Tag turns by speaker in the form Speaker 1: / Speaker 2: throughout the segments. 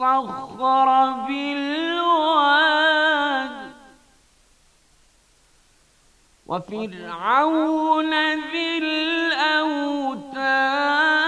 Speaker 1: والصخر بالواد وفرعون ذي الأوتاد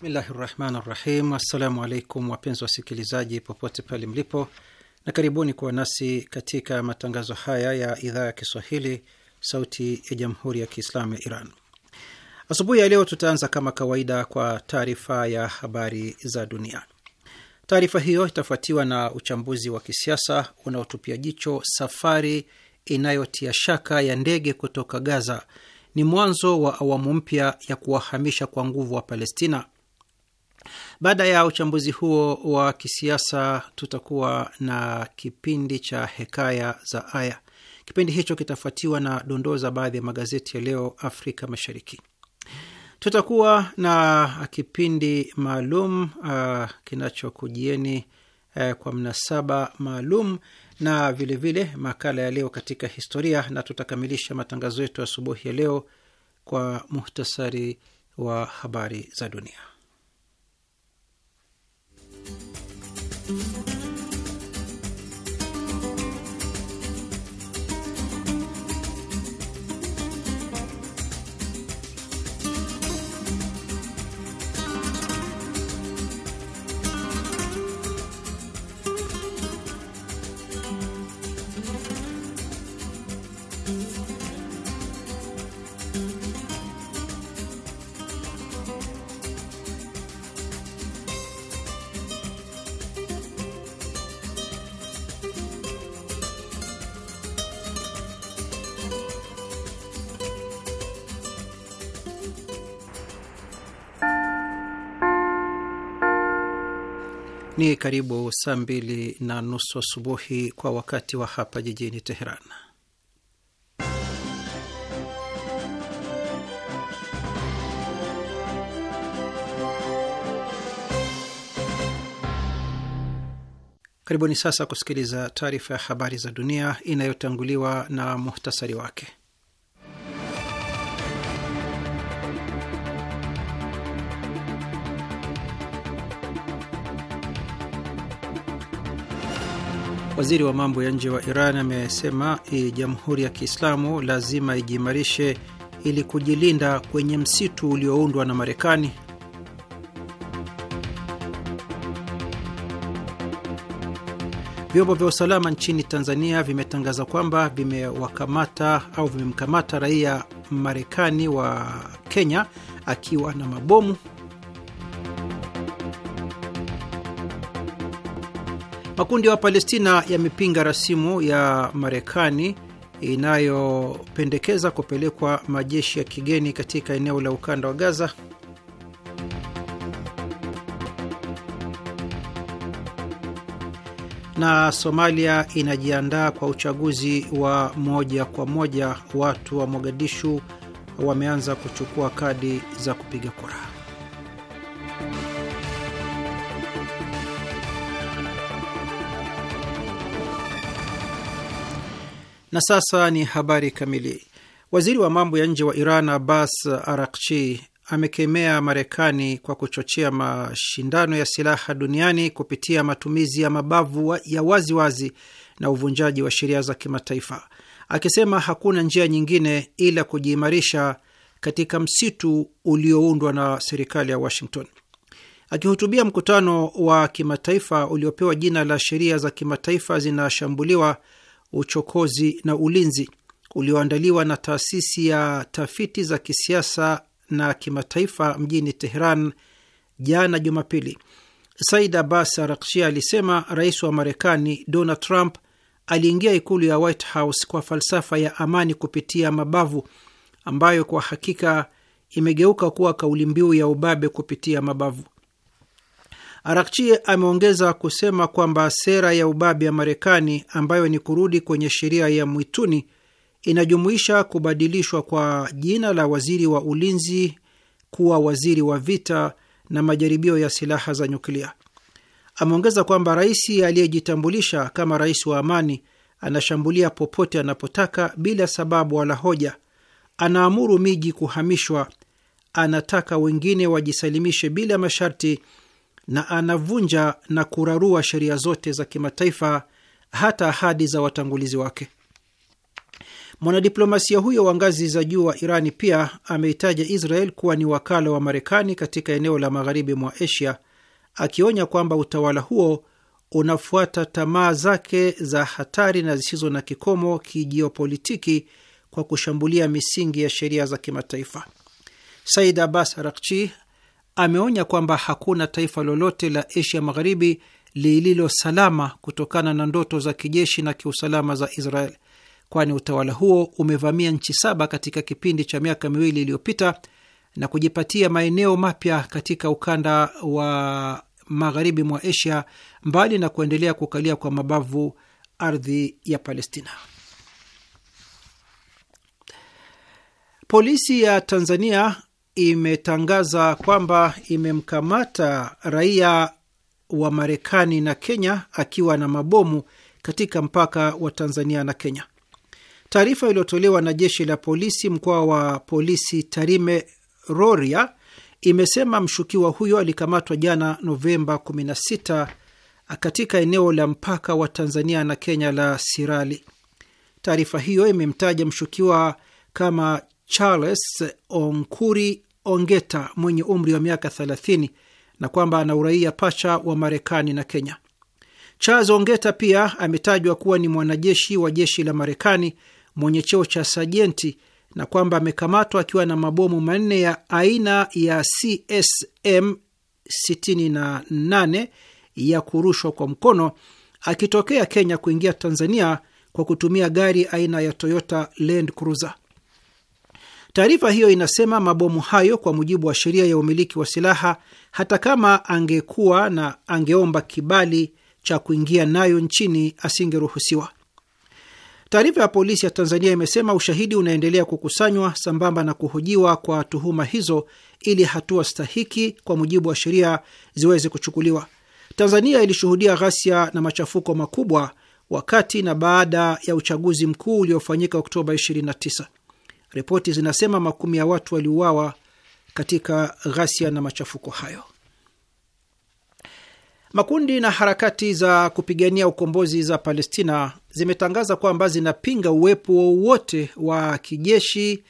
Speaker 2: Bismillahi rahmani rahim. Assalamu alaikum wapenzi wasikilizaji popote pale mlipo, na karibuni kuwa nasi katika matangazo haya ya idhaa ya Kiswahili sauti ya jamhuri ya Kiislamu ya Iran. Asubuhi ya leo tutaanza kama kawaida kwa taarifa ya habari za dunia. Taarifa hiyo itafuatiwa na uchambuzi wa kisiasa unaotupia jicho safari inayotia shaka ya ndege kutoka Gaza ni mwanzo wa awamu mpya ya kuwahamisha kwa nguvu wa Palestina baada ya uchambuzi huo wa kisiasa, tutakuwa na kipindi cha hekaya za aya. Kipindi hicho kitafuatiwa na dondoo za baadhi ya magazeti ya leo Afrika Mashariki. Tutakuwa na kipindi maalum uh, kinachokujieni uh, kwa mnasaba maalum na vilevile vile, makala ya leo katika historia, na tutakamilisha matangazo yetu asubuhi ya leo kwa muhtasari wa habari za dunia. Música ni karibu saa mbili na nusu asubuhi kwa wakati wa hapa jijini Teheran. Karibuni sasa kusikiliza taarifa ya habari za dunia inayotanguliwa na muhtasari wake. Waziri wa mambo ya nje wa Iran amesema jamhuri ya Kiislamu lazima ijiimarishe ili kujilinda kwenye msitu ulioundwa na Marekani. Vyombo vya usalama nchini Tanzania vimetangaza kwamba vimewakamata au vimemkamata raia Marekani wa Kenya akiwa na mabomu Makundi ya Wapalestina yamepinga rasimu ya Marekani inayopendekeza kupelekwa majeshi ya kigeni katika eneo la ukanda wa Gaza. Na Somalia inajiandaa kwa uchaguzi wa moja kwa moja. Watu wa Mogadishu wameanza kuchukua kadi za kupiga kura. Na sasa ni habari kamili. Waziri wa mambo ya nje wa Iran Abbas Arakchi amekemea Marekani kwa kuchochea mashindano ya silaha duniani kupitia matumizi ya mabavu ya waziwazi wazi na uvunjaji wa sheria za kimataifa, akisema hakuna njia nyingine ila kujiimarisha katika msitu ulioundwa na serikali ya Washington. Akihutubia mkutano wa kimataifa uliopewa jina la sheria za kimataifa zinashambuliwa uchokozi na ulinzi ulioandaliwa na taasisi ya tafiti za kisiasa na kimataifa mjini Teheran jana Jumapili, Said Abbas Araghchi alisema rais wa Marekani Donald Trump aliingia ikulu ya White House kwa falsafa ya amani kupitia mabavu, ambayo kwa hakika imegeuka kuwa kauli mbiu ya ubabe kupitia mabavu. Arakchi ameongeza kusema kwamba sera ya ubabe ya Marekani ambayo ni kurudi kwenye sheria ya mwituni inajumuisha kubadilishwa kwa jina la waziri wa ulinzi kuwa waziri wa vita na majaribio ya silaha za nyuklia. Ameongeza kwamba rais aliyejitambulisha kama rais wa amani anashambulia popote anapotaka bila sababu wala hoja, anaamuru miji kuhamishwa, anataka wengine wajisalimishe bila masharti na anavunja na kurarua sheria zote za kimataifa, hata ahadi za watangulizi wake. Mwanadiplomasia huyo wa ngazi za juu wa Irani pia ameitaja Israel kuwa ni wakala wa Marekani katika eneo la magharibi mwa Asia, akionya kwamba utawala huo unafuata tamaa zake za hatari na zisizo na kikomo kijiopolitiki kwa kushambulia misingi ya sheria za kimataifa. Said Abbas Arakchi ameonya kwamba hakuna taifa lolote la Asia Magharibi lililo salama kutokana na ndoto za kijeshi na kiusalama za Israel, kwani utawala huo umevamia nchi saba katika kipindi cha miaka miwili iliyopita na kujipatia maeneo mapya katika ukanda wa magharibi mwa Asia, mbali na kuendelea kukalia kwa mabavu ardhi ya Palestina. Polisi ya Tanzania imetangaza kwamba imemkamata raia wa Marekani na Kenya akiwa na mabomu katika mpaka wa Tanzania na Kenya. Taarifa iliyotolewa na jeshi la polisi mkoa wa polisi Tarime Roria imesema mshukiwa huyo alikamatwa jana Novemba 16 katika eneo la mpaka wa Tanzania na Kenya la Sirali. Taarifa hiyo imemtaja mshukiwa kama Charles Onkuri Ongeta mwenye umri wa miaka 30 na kwamba ana uraia pacha wa Marekani na Kenya. Charles Ongeta pia ametajwa kuwa ni mwanajeshi wa jeshi la Marekani mwenye cheo cha sajenti na kwamba amekamatwa akiwa na mabomu manne ya aina ya CSM 68 ya kurushwa kwa mkono akitokea Kenya kuingia Tanzania kwa kutumia gari aina ya Toyota Land Cruiser. Taarifa hiyo inasema mabomu hayo, kwa mujibu wa sheria ya umiliki wa silaha, hata kama angekuwa na angeomba kibali cha kuingia nayo nchini asingeruhusiwa. Taarifa ya polisi ya Tanzania imesema ushahidi unaendelea kukusanywa sambamba na kuhojiwa kwa tuhuma hizo ili hatua stahiki kwa mujibu wa sheria ziweze kuchukuliwa. Tanzania ilishuhudia ghasia na machafuko makubwa wakati na baada ya uchaguzi mkuu uliofanyika Oktoba 29. Ripoti zinasema makumi ya watu waliuawa katika ghasia na machafuko hayo. Makundi na harakati za kupigania ukombozi za Palestina zimetangaza kwamba zinapinga uwepo wowote wa kijeshi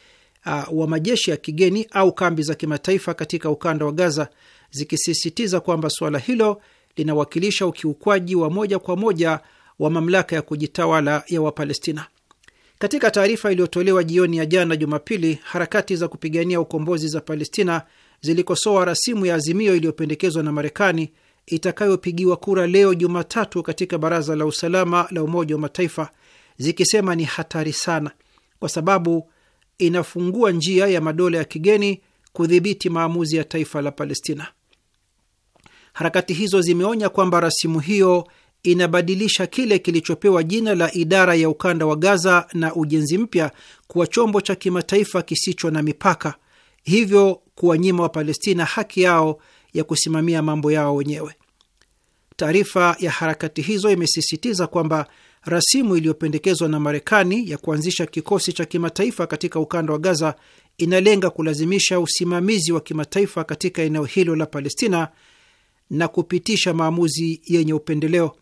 Speaker 2: uh, wa majeshi ya kigeni au kambi za kimataifa katika ukanda wa Gaza, zikisisitiza kwamba suala hilo linawakilisha ukiukwaji wa moja kwa moja wa mamlaka ya kujitawala ya Wapalestina. Katika taarifa iliyotolewa jioni ya jana Jumapili, harakati za kupigania ukombozi za Palestina zilikosoa rasimu ya azimio iliyopendekezwa na Marekani itakayopigiwa kura leo Jumatatu katika Baraza la Usalama la Umoja wa Mataifa, zikisema ni hatari sana kwa sababu inafungua njia ya madola ya kigeni kudhibiti maamuzi ya taifa la Palestina. Harakati hizo zimeonya kwamba rasimu hiyo inabadilisha kile kilichopewa jina la idara ya ukanda wa Gaza na ujenzi mpya kuwa chombo cha kimataifa kisicho na mipaka, hivyo kuwanyima Wapalestina haki yao ya kusimamia mambo yao wenyewe. Taarifa ya harakati hizo imesisitiza kwamba rasimu iliyopendekezwa na Marekani ya kuanzisha kikosi cha kimataifa katika ukanda wa Gaza inalenga kulazimisha usimamizi wa kimataifa katika eneo hilo la Palestina na kupitisha maamuzi yenye upendeleo.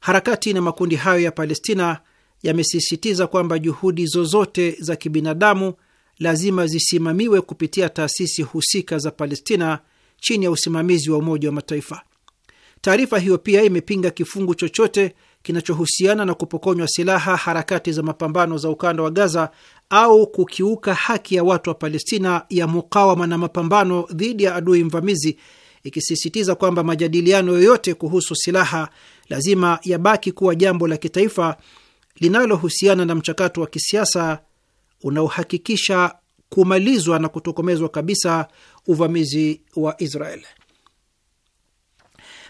Speaker 2: Harakati na makundi hayo ya Palestina yamesisitiza kwamba juhudi zozote za kibinadamu lazima zisimamiwe kupitia taasisi husika za Palestina chini ya usimamizi wa Umoja wa Mataifa. Taarifa hiyo pia imepinga kifungu chochote kinachohusiana na kupokonywa silaha harakati za mapambano za ukanda wa Gaza au kukiuka haki ya watu wa Palestina ya mukawama na mapambano dhidi ya adui mvamizi, ikisisitiza kwamba majadiliano yoyote kuhusu silaha lazima yabaki kuwa jambo la kitaifa linalohusiana na mchakato wa kisiasa unaohakikisha kumalizwa na kutokomezwa kabisa uvamizi wa Israel.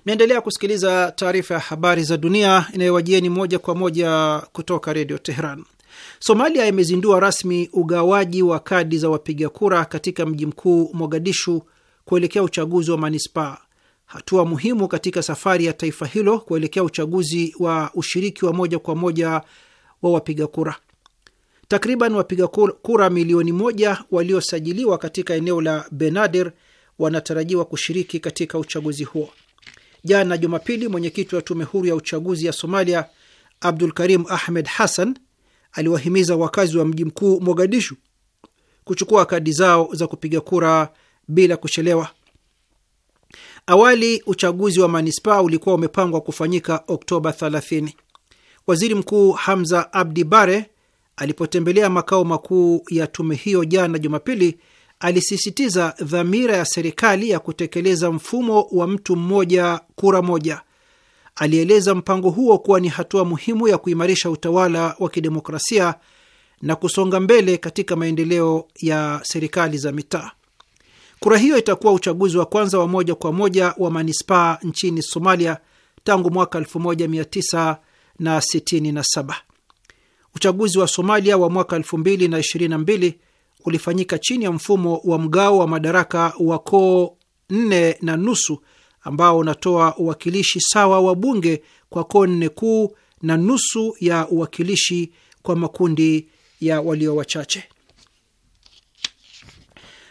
Speaker 2: naendelea kusikiliza taarifa ya habari za dunia inayowajieni moja kwa moja kutoka redio Teheran. Somalia imezindua rasmi ugawaji wa kadi za wapiga kura katika mji mkuu Mogadishu kuelekea uchaguzi wa manispaa hatua muhimu katika safari ya taifa hilo kuelekea uchaguzi wa ushiriki wa moja kwa moja wa wapiga kura. Takriban wapiga kura milioni moja waliosajiliwa katika eneo la Benadir wanatarajiwa kushiriki katika uchaguzi huo. Jana Jumapili, mwenyekiti wa tume huru ya uchaguzi ya Somalia Abdul Karim Ahmed Hassan aliwahimiza wakazi wa mji mkuu Mogadishu kuchukua kadi zao za kupiga kura bila kuchelewa. Awali uchaguzi wa manispaa ulikuwa umepangwa kufanyika Oktoba 30. Waziri Mkuu Hamza Abdi Bare alipotembelea makao makuu ya tume hiyo jana Jumapili, alisisitiza dhamira ya serikali ya kutekeleza mfumo wa mtu mmoja kura moja. Alieleza mpango huo kuwa ni hatua muhimu ya kuimarisha utawala wa kidemokrasia na kusonga mbele katika maendeleo ya serikali za mitaa. Kura hiyo itakuwa uchaguzi wa kwanza wa moja kwa moja wa manispaa nchini Somalia tangu mwaka 1967. Uchaguzi wa Somalia wa mwaka 2022 ulifanyika chini ya mfumo wa mgao wa madaraka wa koo nne na nusu ambao unatoa uwakilishi sawa wa bunge kwa koo nne kuu na nusu ya uwakilishi kwa makundi ya walio wachache.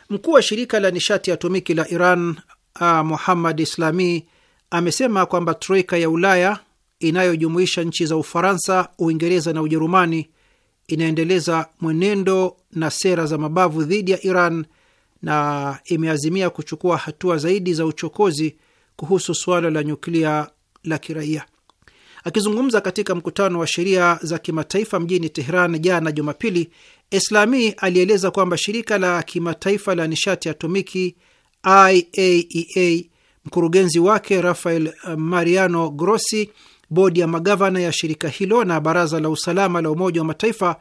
Speaker 2: Mkuu wa shirika la nishati atomiki la Iran Muhammad Islami amesema kwamba troika ya Ulaya inayojumuisha nchi za Ufaransa, Uingereza na Ujerumani inaendeleza mwenendo na sera za mabavu dhidi ya Iran na imeazimia kuchukua hatua zaidi za uchokozi kuhusu suala la nyuklia la kiraia. Akizungumza katika mkutano wa sheria za kimataifa mjini Teheran jana Jumapili, Islami alieleza kwamba shirika la kimataifa la nishati atomiki IAEA, e mkurugenzi wake Rafael eh, Mariano Grossi, bodi ya magavana ya shirika hilo na baraza la usalama la Umoja wa Mataifa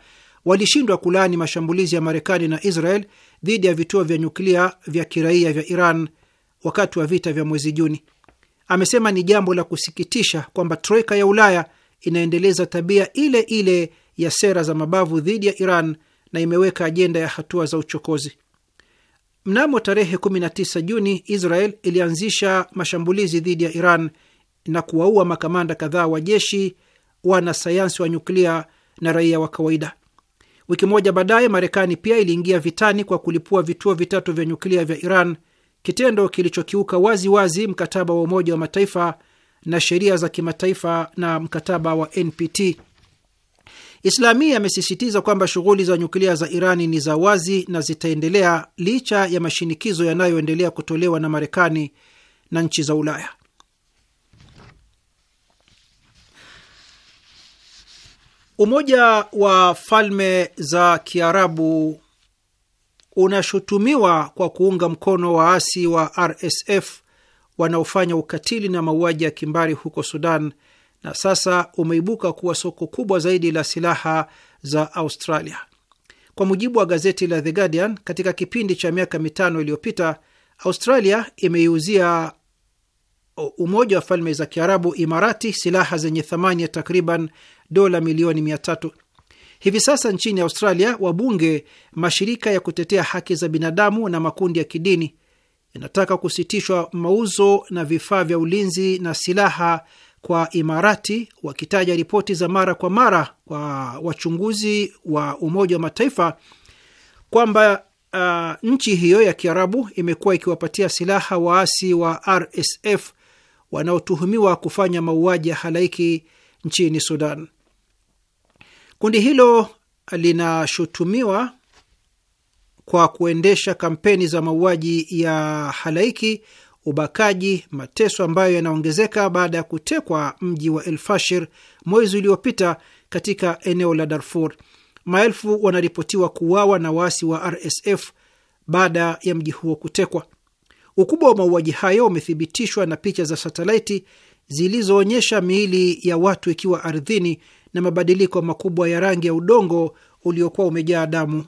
Speaker 2: walishindwa kulaani mashambulizi ya Marekani na Israel dhidi ya vituo vya nyuklia vya kiraia vya Iran wakati wa vita vya mwezi Juni. Amesema ni jambo la kusikitisha kwamba troika ya Ulaya inaendeleza tabia ile ile ya sera za mabavu dhidi ya Iran na imeweka ajenda ya hatua za uchokozi. Mnamo tarehe 19 Juni, Israel ilianzisha mashambulizi dhidi ya Iran na kuwaua makamanda kadhaa wa jeshi, wanasayansi wa nyuklia na raia wa kawaida. Wiki moja baadaye, Marekani pia iliingia vitani kwa kulipua vituo vitatu vya nyuklia vya Iran, kitendo kilichokiuka wazi wazi mkataba wa Umoja wa Mataifa na sheria za kimataifa na mkataba wa NPT. Islamia amesisitiza kwamba shughuli za nyuklia za Irani ni za wazi na zitaendelea licha ya mashinikizo yanayoendelea kutolewa na Marekani na nchi za Ulaya. Umoja wa Falme za Kiarabu unashutumiwa kwa kuunga mkono waasi wa RSF wanaofanya ukatili na mauaji ya kimbari huko Sudan na sasa umeibuka kuwa soko kubwa zaidi la silaha za Australia. Kwa mujibu wa gazeti la The Guardian, katika kipindi cha miaka mitano iliyopita, Australia imeiuzia Umoja wa Falme za Kiarabu, Imarati, silaha zenye thamani ya takriban dola milioni mia tatu. Hivi sasa nchini Australia, wabunge, mashirika ya kutetea haki za binadamu na makundi ya kidini yanataka kusitishwa mauzo na vifaa vya ulinzi na silaha kwa Imarati wakitaja ripoti za mara kwa mara kwa wachunguzi wa Umoja wa Mataifa kwamba uh, nchi hiyo ya Kiarabu imekuwa ikiwapatia silaha waasi wa RSF wanaotuhumiwa kufanya mauaji ya halaiki nchini Sudan. Kundi hilo linashutumiwa kwa kuendesha kampeni za mauaji ya halaiki ubakaji, mateso ambayo yanaongezeka baada ya kutekwa mji wa El Fashir mwezi uliopita katika eneo la Darfur. Maelfu wanaripotiwa kuuawa na waasi wa RSF baada ya mji huo kutekwa. Ukubwa wa mauaji hayo umethibitishwa na picha za satelaiti zilizoonyesha miili ya watu ikiwa ardhini na mabadiliko makubwa ya rangi ya udongo uliokuwa umejaa damu.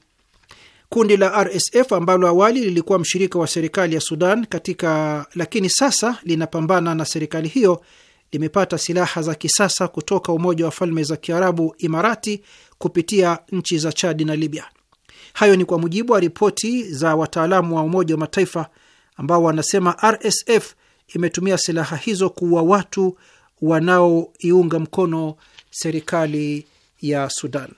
Speaker 2: Kundi la RSF ambalo awali lilikuwa mshirika wa serikali ya Sudan katika, lakini sasa linapambana na serikali hiyo, limepata silaha za kisasa kutoka Umoja wa Falme za Kiarabu Imarati kupitia nchi za Chadi na Libya. Hayo ni kwa mujibu wa ripoti za wataalamu wa Umoja wa Mataifa ambao wanasema RSF imetumia silaha hizo kuua watu wanaoiunga mkono serikali ya Sudan.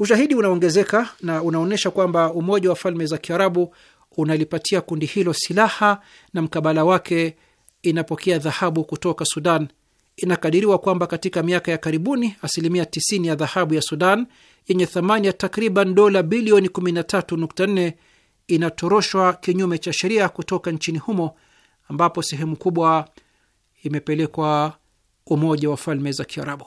Speaker 2: Ushahidi unaongezeka na unaonyesha kwamba Umoja wa Falme za Kiarabu unalipatia kundi hilo silaha na mkabala wake inapokea dhahabu kutoka Sudan. Inakadiriwa kwamba katika miaka ya karibuni asilimia 90 ya dhahabu ya Sudan yenye thamani ya takriban dola bilioni 13.4 inatoroshwa kinyume cha sheria kutoka nchini humo, ambapo sehemu kubwa imepelekwa Umoja wa Falme za Kiarabu.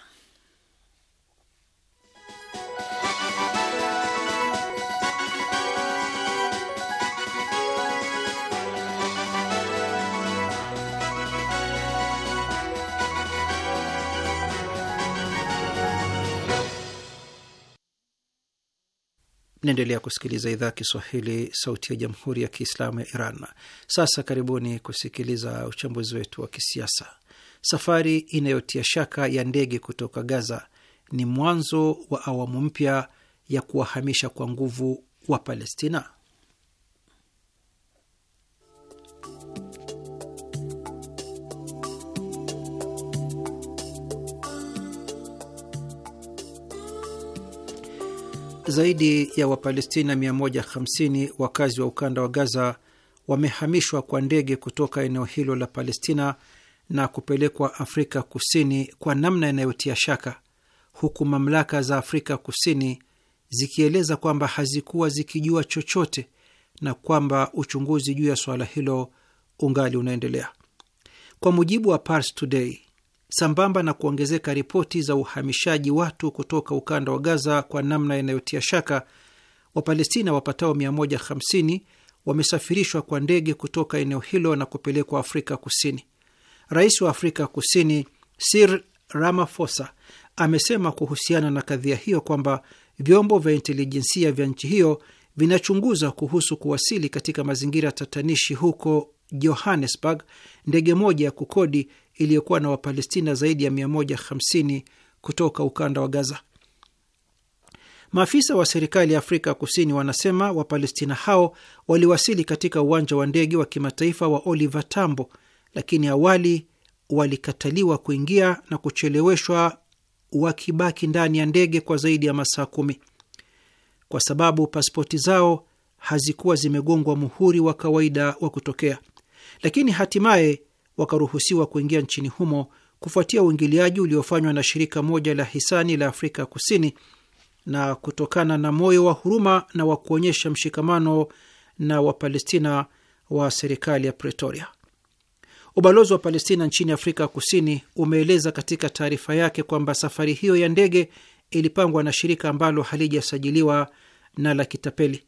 Speaker 2: Mnaendelea kusikiliza idhaa ya Kiswahili, sauti ya jamhuri ya kiislamu ya Iran. Sasa karibuni kusikiliza uchambuzi wetu wa kisiasa. Safari inayotia shaka ya ndege kutoka Gaza ni mwanzo wa awamu mpya ya kuwahamisha kwa nguvu wa Palestina. zaidi ya Wapalestina 150 wakazi wa ukanda wa Gaza wamehamishwa kwa ndege kutoka eneo hilo la Palestina na kupelekwa Afrika Kusini kwa namna inayotia shaka, huku mamlaka za Afrika Kusini zikieleza kwamba hazikuwa zikijua chochote na kwamba uchunguzi juu ya suala hilo ungali unaendelea. Kwa mujibu wa Pars Today, sambamba na kuongezeka ripoti za uhamishaji watu kutoka ukanda wa Gaza kwa namna inayotia shaka, Wapalestina wapatao 150 wamesafirishwa kwa ndege kutoka eneo hilo na kupelekwa Afrika Kusini. Rais wa Afrika Kusini Cyril Ramaphosa amesema kuhusiana na kadhia hiyo kwamba vyombo vya intelijensia vya nchi hiyo vinachunguza kuhusu kuwasili katika mazingira tatanishi huko Johannesburg ndege moja ya kukodi iliyokuwa na Wapalestina zaidi ya 150 kutoka ukanda wa Gaza. Maafisa wa serikali ya Afrika Kusini wanasema Wapalestina hao waliwasili katika uwanja wa ndege wa kimataifa wa Oliver Tambo, lakini awali walikataliwa kuingia na kucheleweshwa wakibaki ndani ya ndege kwa zaidi ya masaa kumi kwa sababu pasipoti zao hazikuwa zimegongwa muhuri wa kawaida wa kutokea. Lakini hatimaye wakaruhusiwa kuingia nchini humo kufuatia uingiliaji uliofanywa na shirika moja la hisani la Afrika Kusini, na kutokana na moyo wa huruma na wa kuonyesha mshikamano na Wapalestina wa serikali ya Pretoria. Ubalozi wa Palestina nchini Afrika Kusini umeeleza katika taarifa yake kwamba safari hiyo ya ndege ilipangwa na shirika ambalo halijasajiliwa na la kitapeli.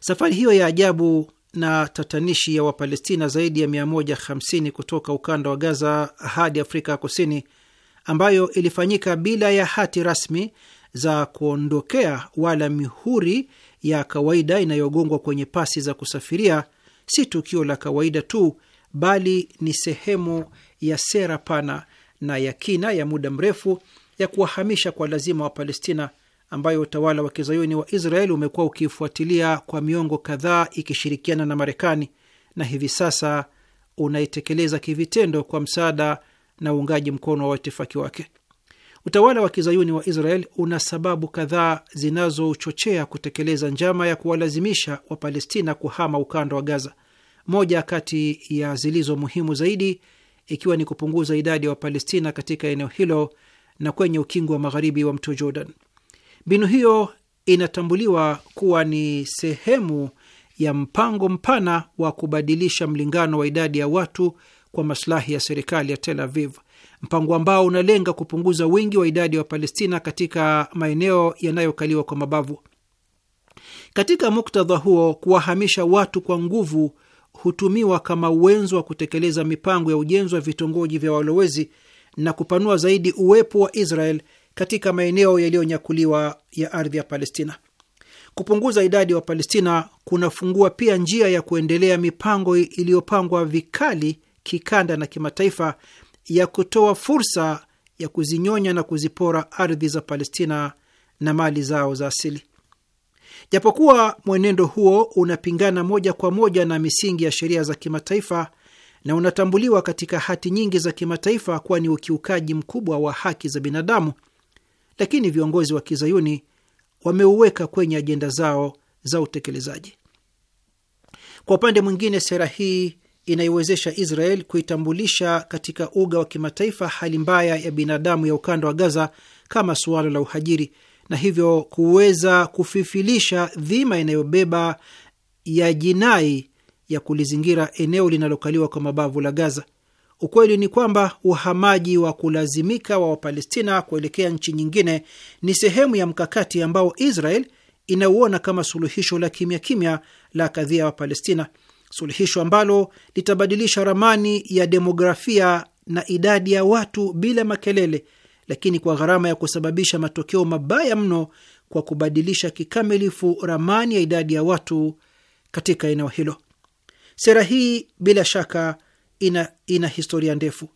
Speaker 2: Safari hiyo ya ajabu na tatanishi ya Wapalestina zaidi ya 150 kutoka ukanda wa Gaza hadi Afrika ya Kusini, ambayo ilifanyika bila ya hati rasmi za kuondokea wala mihuri ya kawaida inayogongwa kwenye pasi za kusafiria, si tukio la kawaida tu, bali ni sehemu ya sera pana na ya kina ya muda mrefu ya kuwahamisha kwa lazima Wapalestina ambayo utawala wa kizayuni wa Israeli umekuwa ukifuatilia kwa miongo kadhaa ikishirikiana na Marekani na hivi sasa unaitekeleza kivitendo kwa msaada na uungaji mkono wa watifaki wake. Utawala wa kizayuni wa Israel una sababu kadhaa zinazochochea kutekeleza njama ya kuwalazimisha Wapalestina kuhama ukanda wa Gaza, moja kati ya zilizo muhimu zaidi ikiwa ni kupunguza idadi ya Wapalestina katika eneo hilo na kwenye ukingo wa magharibi wa mto Jordan. Mbinu hiyo inatambuliwa kuwa ni sehemu ya mpango mpana wa kubadilisha mlingano wa idadi ya watu kwa masilahi ya serikali ya Tel Aviv, mpango ambao unalenga kupunguza wingi wa idadi ya wa Wapalestina katika maeneo yanayokaliwa kwa mabavu. Katika muktadha huo, kuwahamisha watu kwa nguvu hutumiwa kama uwenzo wa kutekeleza mipango ya ujenzi wa vitongoji vya walowezi na kupanua zaidi uwepo wa Israel katika maeneo yaliyonyakuliwa ya ardhi ya Palestina. Kupunguza idadi ya wa Wapalestina kunafungua pia njia ya kuendelea mipango iliyopangwa vikali kikanda na kimataifa ya kutoa fursa ya kuzinyonya na kuzipora ardhi za Palestina na mali zao za asili. Japokuwa mwenendo huo unapingana moja kwa moja na misingi ya sheria za kimataifa na unatambuliwa katika hati nyingi za kimataifa kuwa ni ukiukaji mkubwa wa haki za binadamu, lakini viongozi wa kizayuni wameuweka kwenye ajenda zao za utekelezaji. Kwa upande mwingine, sera hii inaiwezesha Israel kuitambulisha katika uga wa kimataifa hali mbaya ya binadamu ya ukanda wa Gaza kama suala la uhajiri na hivyo kuweza kufifilisha dhima inayobeba ya jinai ya kulizingira eneo linalokaliwa kwa mabavu la Gaza Ukweli ni kwamba uhamaji wa kulazimika wa Wapalestina kuelekea nchi nyingine ni sehemu ya mkakati ambao Israel inauona kama suluhisho la kimya kimya la kadhia ya Wapalestina, suluhisho ambalo litabadilisha ramani ya demografia na idadi ya watu bila makelele, lakini kwa gharama ya kusababisha matokeo mabaya mno kwa kubadilisha kikamilifu ramani ya idadi ya watu katika eneo hilo. Sera hii bila shaka ina, ina historia ndefu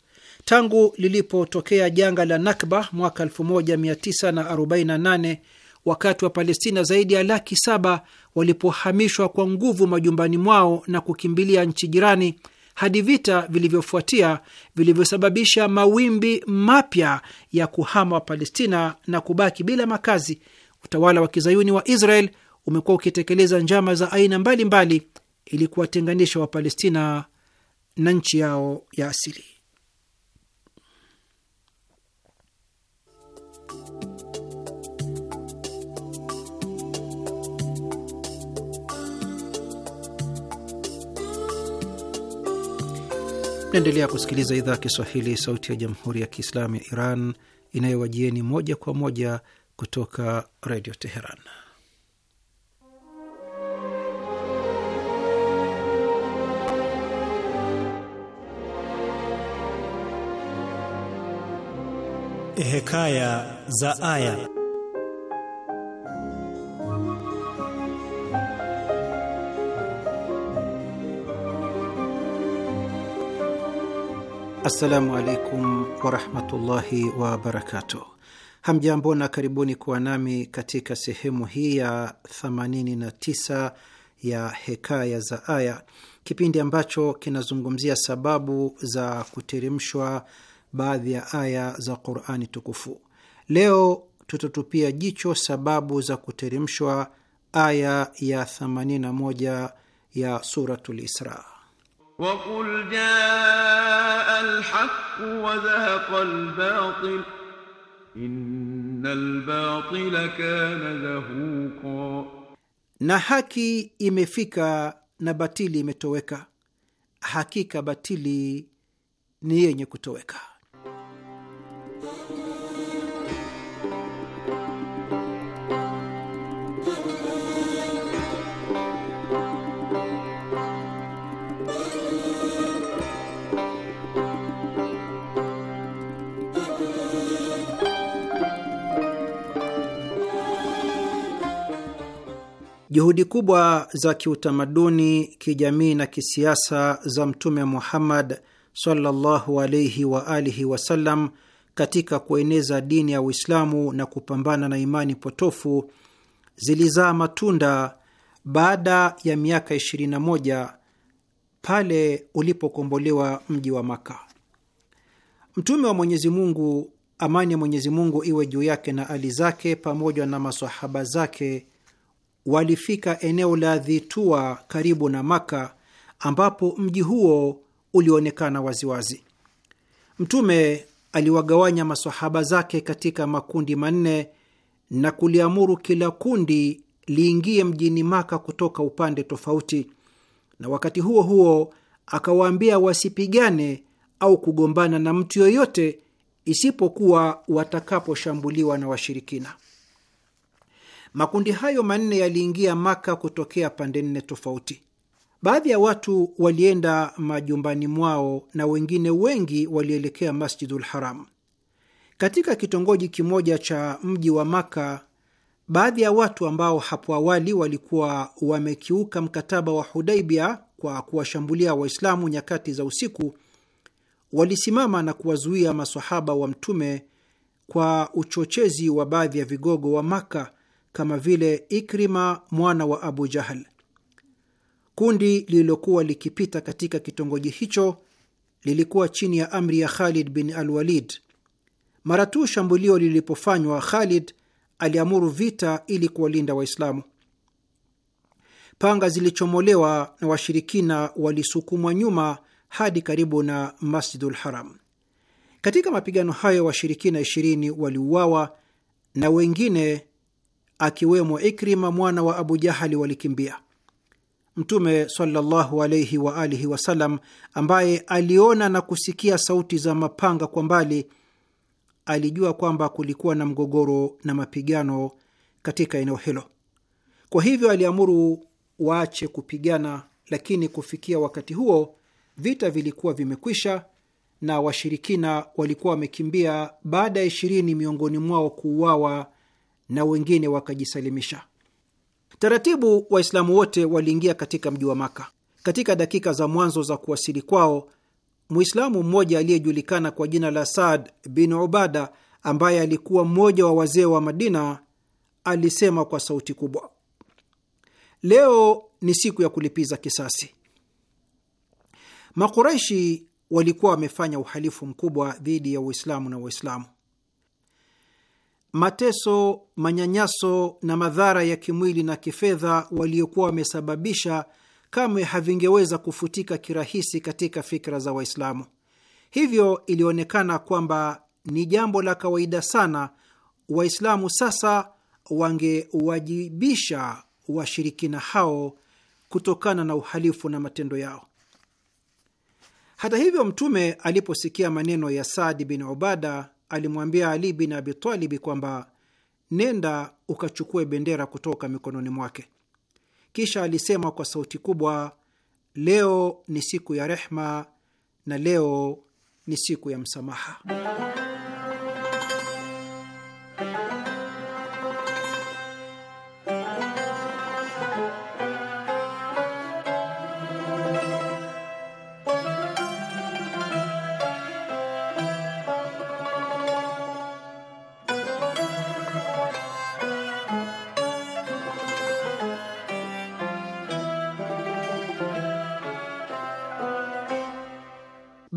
Speaker 2: tangu lilipotokea janga la Nakba mwaka 1948 wakati wa Palestina zaidi ya laki saba walipohamishwa kwa nguvu majumbani mwao na kukimbilia nchi jirani hadi vita vilivyofuatia vilivyosababisha mawimbi mapya ya kuhama wa Palestina na kubaki bila makazi. Utawala wa kizayuni wa Israel umekuwa ukitekeleza njama za aina mbalimbali ili kuwatenganisha Wapalestina na nchi yao ya asili. Naendelea kusikiliza idhaa ya Kiswahili, sauti ya jamhuri ya kiislamu ya Iran inayowajieni moja kwa moja kutoka redio Teheran.
Speaker 3: Hekaya za Aya.
Speaker 2: Assalamu alaikum warahmatullahi wabarakatuh. Hamjambo na karibuni kuwa nami katika sehemu hii ya 89 ya Hekaya za Aya, kipindi ambacho kinazungumzia sababu za kuteremshwa baadhi ya aya za Qurani tukufu. Leo tutatupia jicho sababu za kuteremshwa aya ya 81 ya Suratul Isra.
Speaker 1: Waqul jaa alhaq wa zahaqa albatil innal batila kana zahuqa,
Speaker 2: na haki imefika na batili imetoweka, hakika batili ni yenye kutoweka. Juhudi kubwa za kiutamaduni, kijamii na kisiasa za Mtume Muhammad sallallahu alaihi wa alihi wasallam katika kueneza dini ya Uislamu na kupambana na imani potofu zilizaa matunda baada ya miaka 21 pale ulipokombolewa mji wa Maka. Mtume wa Mwenyezi Mungu, amani ya Mwenyezi Mungu iwe juu yake na ali zake, pamoja na masahaba zake walifika eneo la Dhitua karibu na Maka, ambapo mji huo ulionekana waziwazi. Mtume aliwagawanya masahaba zake katika makundi manne na kuliamuru kila kundi liingie mjini Maka kutoka upande tofauti, na wakati huo huo akawaambia wasipigane au kugombana na mtu yoyote isipokuwa watakaposhambuliwa na washirikina. Makundi hayo manne yaliingia Maka kutokea pande nne tofauti. Baadhi ya watu walienda majumbani mwao na wengine wengi walielekea Masjidul Haram. Katika kitongoji kimoja cha mji wa Maka, baadhi ya watu ambao hapo awali walikuwa wamekiuka mkataba wa Hudaibia kwa kuwashambulia Waislamu nyakati za usiku walisimama na kuwazuia masahaba wa Mtume kwa uchochezi wa baadhi ya vigogo wa Maka kama vile Ikrima mwana wa Abu Jahal. Kundi lililokuwa likipita katika kitongoji hicho lilikuwa chini ya amri ya Khalid bin al-Walid. Mara tu shambulio lilipofanywa, Khalid aliamuru vita ili kuwalinda Waislamu. Panga zilichomolewa na washirikina walisukumwa nyuma hadi karibu na Masjidul Haram. Katika mapigano hayo washirikina ishirini waliuawa na wengine akiwemo Ikrima mwana wa Abu Jahali walikimbia. Mtume sallallahu alayhi wa alihi wasallam, ambaye aliona na kusikia sauti za mapanga kwa mbali, alijua kwamba kulikuwa na mgogoro na mapigano katika eneo hilo. Kwa hivyo aliamuru waache kupigana, lakini kufikia wakati huo vita vilikuwa vimekwisha na washirikina walikuwa wamekimbia baada ya ishirini miongoni mwao kuuawa na wengine wakajisalimisha. Taratibu Waislamu wote waliingia katika mji wa Maka. Katika dakika za mwanzo za kuwasili kwao, Mwislamu mmoja aliyejulikana kwa jina la Saad bin Ubada, ambaye alikuwa mmoja wa wazee wa Madina, alisema kwa sauti kubwa, leo ni siku ya kulipiza kisasi. Makuraishi walikuwa wamefanya uhalifu mkubwa dhidi ya Uislamu na Waislamu mateso, manyanyaso na madhara ya kimwili na kifedha waliokuwa wamesababisha kamwe havingeweza kufutika kirahisi katika fikra za Waislamu. Hivyo ilionekana kwamba ni jambo la kawaida sana Waislamu sasa wangewajibisha washirikina hao kutokana na uhalifu na matendo yao. Hata hivyo, Mtume aliposikia maneno ya Saadi bin Ubada alimwambia Ali bin Abi Talibi kwamba nenda ukachukue bendera kutoka mikononi mwake. Kisha alisema kwa sauti kubwa, leo ni siku ya rehma na leo ni siku ya msamaha.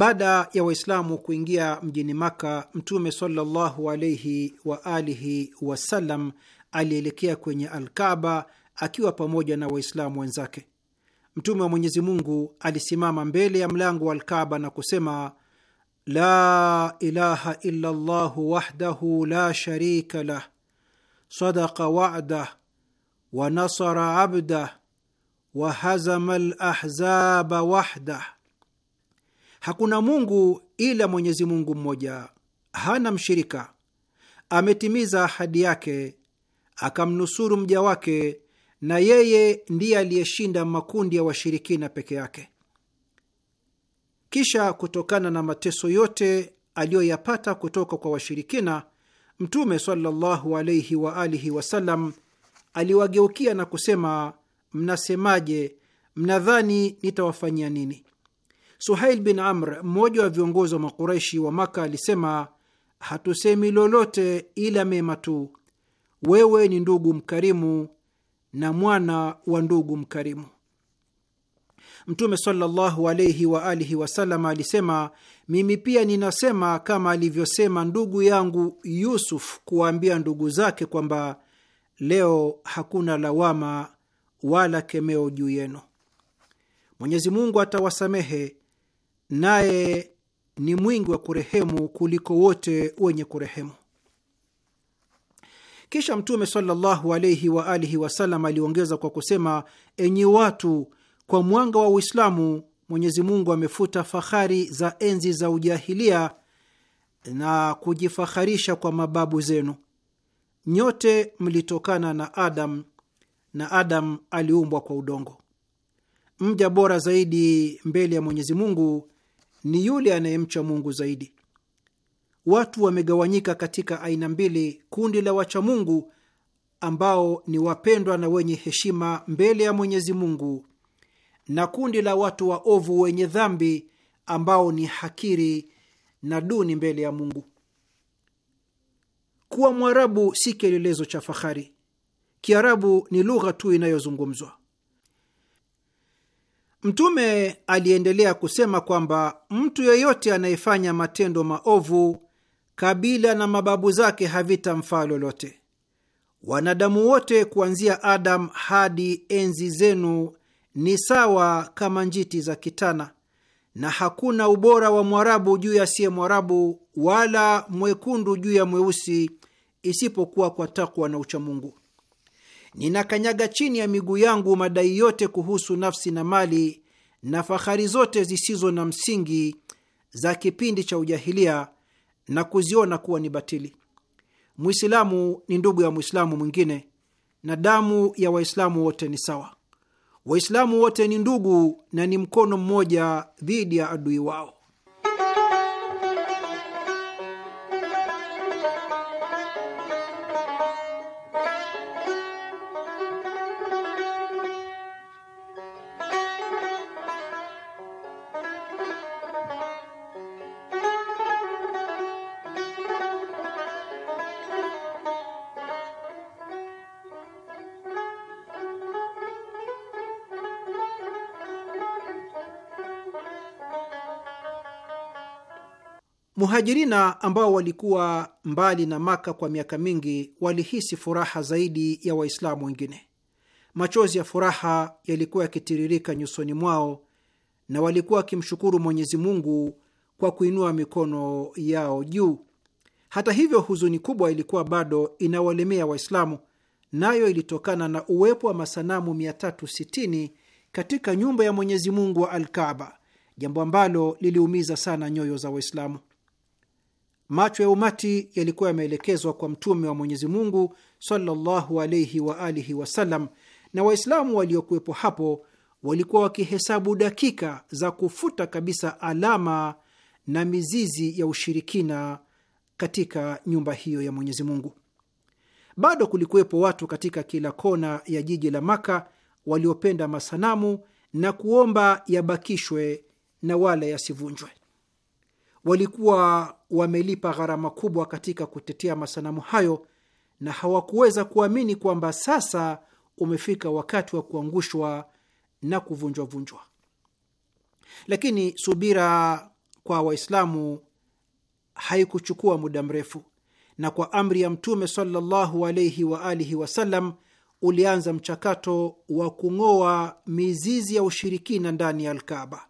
Speaker 2: Baada ya Waislamu kuingia mjini Maka, Mtume sallallahu alaihi wa alihi wasallam alielekea kwenye Alkaba akiwa pamoja na Waislamu wenzake. Mtume wa Mwenyezi Mungu alisimama mbele ya mlango wa Alkaba na kusema la ilaha illa llahu wahdahu la sharika lah sadaka wadah wa nasara abdah wa hazama alahzaba wahdah Hakuna Mungu ila Mwenyezi Mungu mmoja, hana mshirika. Ametimiza ahadi yake, akamnusuru mja wake, na yeye ndiye aliyeshinda makundi ya washirikina peke yake. Kisha kutokana na mateso yote aliyoyapata kutoka kwa washirikina, Mtume sallallahu alaihi wa alihi wasallam aliwageukia na kusema, mnasemaje? Mnadhani nitawafanyia nini? Suhail bin Amr, mmoja wa viongozi wa Makureshi wa Maka, alisema hatusemi lolote ila mema tu. Wewe ni ndugu mkarimu na mwana wa ndugu mkarimu. Mtume sallallahu wa alihi wasallam alisema, mimi pia ninasema kama alivyosema ndugu yangu Yusuf kuwaambia ndugu zake kwamba leo hakuna lawama wala kemeo juu yenu. Mwenyezi Mungu atawasamehe naye ni mwingi wa kurehemu kuliko wote wenye kurehemu. Kisha Mtume sallallahu alaihi wa alihi wasallam aliongeza kwa kusema, enyi watu, kwa mwanga wa Uislamu Mwenyezi Mungu amefuta fahari za enzi za ujahilia na kujifaharisha kwa mababu zenu. Nyote mlitokana na Adam na Adam aliumbwa kwa udongo. Mja bora zaidi mbele ya Mwenyezi Mungu ni yule anayemcha Mungu zaidi. Watu wamegawanyika katika aina mbili: kundi la wacha Mungu ambao ni wapendwa na wenye heshima mbele ya Mwenyezi Mungu, na kundi la watu waovu wenye dhambi ambao ni hakiri na duni mbele ya Mungu. Kuwa Mwarabu si kielelezo cha fahari. Kiarabu ni lugha tu inayozungumzwa. Mtume aliendelea kusema kwamba mtu yeyote anayefanya matendo maovu, kabila na mababu zake havitamfaa lolote. Wanadamu wote kuanzia Adamu hadi enzi zenu ni sawa kama njiti za kitana, na hakuna ubora wa Mwarabu juu ya siye Mwarabu, wala mwekundu juu ya mweusi, isipokuwa kwa takwa na uchamungu ninakanyaga chini ya miguu yangu madai yote kuhusu nafsi na mali na fahari zote zisizo na msingi za kipindi cha ujahilia na kuziona kuwa ni batili. Mwislamu ni ndugu ya mwislamu mwingine na damu ya Waislamu wote ni sawa. Waislamu wote ni ndugu na ni mkono mmoja dhidi ya adui wao. Muhajirina ambao walikuwa mbali na Maka kwa miaka mingi walihisi furaha zaidi ya Waislamu wengine. Machozi ya furaha yalikuwa yakitiririka nyusoni mwao na walikuwa wakimshukuru Mwenyezi Mungu kwa kuinua mikono yao juu. Hata hivyo, huzuni kubwa ilikuwa bado inawalemea Waislamu, nayo ilitokana na uwepo wa masanamu 360 katika nyumba ya Mwenyezi Mungu wa alkaba jambo ambalo liliumiza sana nyoyo za Waislamu. Macho ya umati yalikuwa yameelekezwa kwa Mtume wa Mwenyezi Mungu sallallahu alaihi wa alihi wasallam, na Waislamu waliokuwepo hapo walikuwa wakihesabu dakika za kufuta kabisa alama na mizizi ya ushirikina katika nyumba hiyo ya Mwenyezi Mungu. Bado kulikuwepo watu katika kila kona ya jiji la Maka waliopenda masanamu na kuomba yabakishwe na wala yasivunjwe walikuwa wamelipa gharama kubwa katika kutetea masanamu hayo na hawakuweza kuamini kwamba sasa umefika wakati wa kuangushwa na kuvunjwavunjwa. Lakini subira kwa Waislamu haikuchukua muda mrefu, na kwa amri ya Mtume sallallahu alaihi wa alihi wasallam ulianza mchakato wa kung'oa mizizi ya ushirikina ndani ya alkaba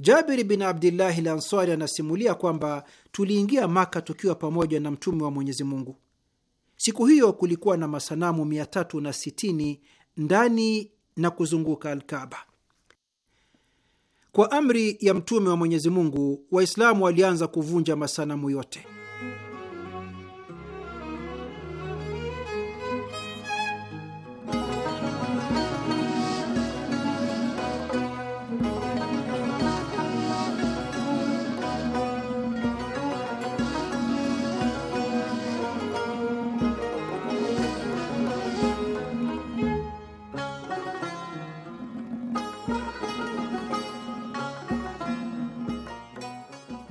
Speaker 2: Jabiri bin Abdillahi Lansari anasimulia kwamba tuliingia Maka tukiwa pamoja na Mtume wa Mwenyezi Mungu. Siku hiyo kulikuwa na masanamu 360 ndani na kuzunguka Alkaba. Kwa amri ya Mtume wa Mwenyezi Mungu, Waislamu walianza kuvunja masanamu yote.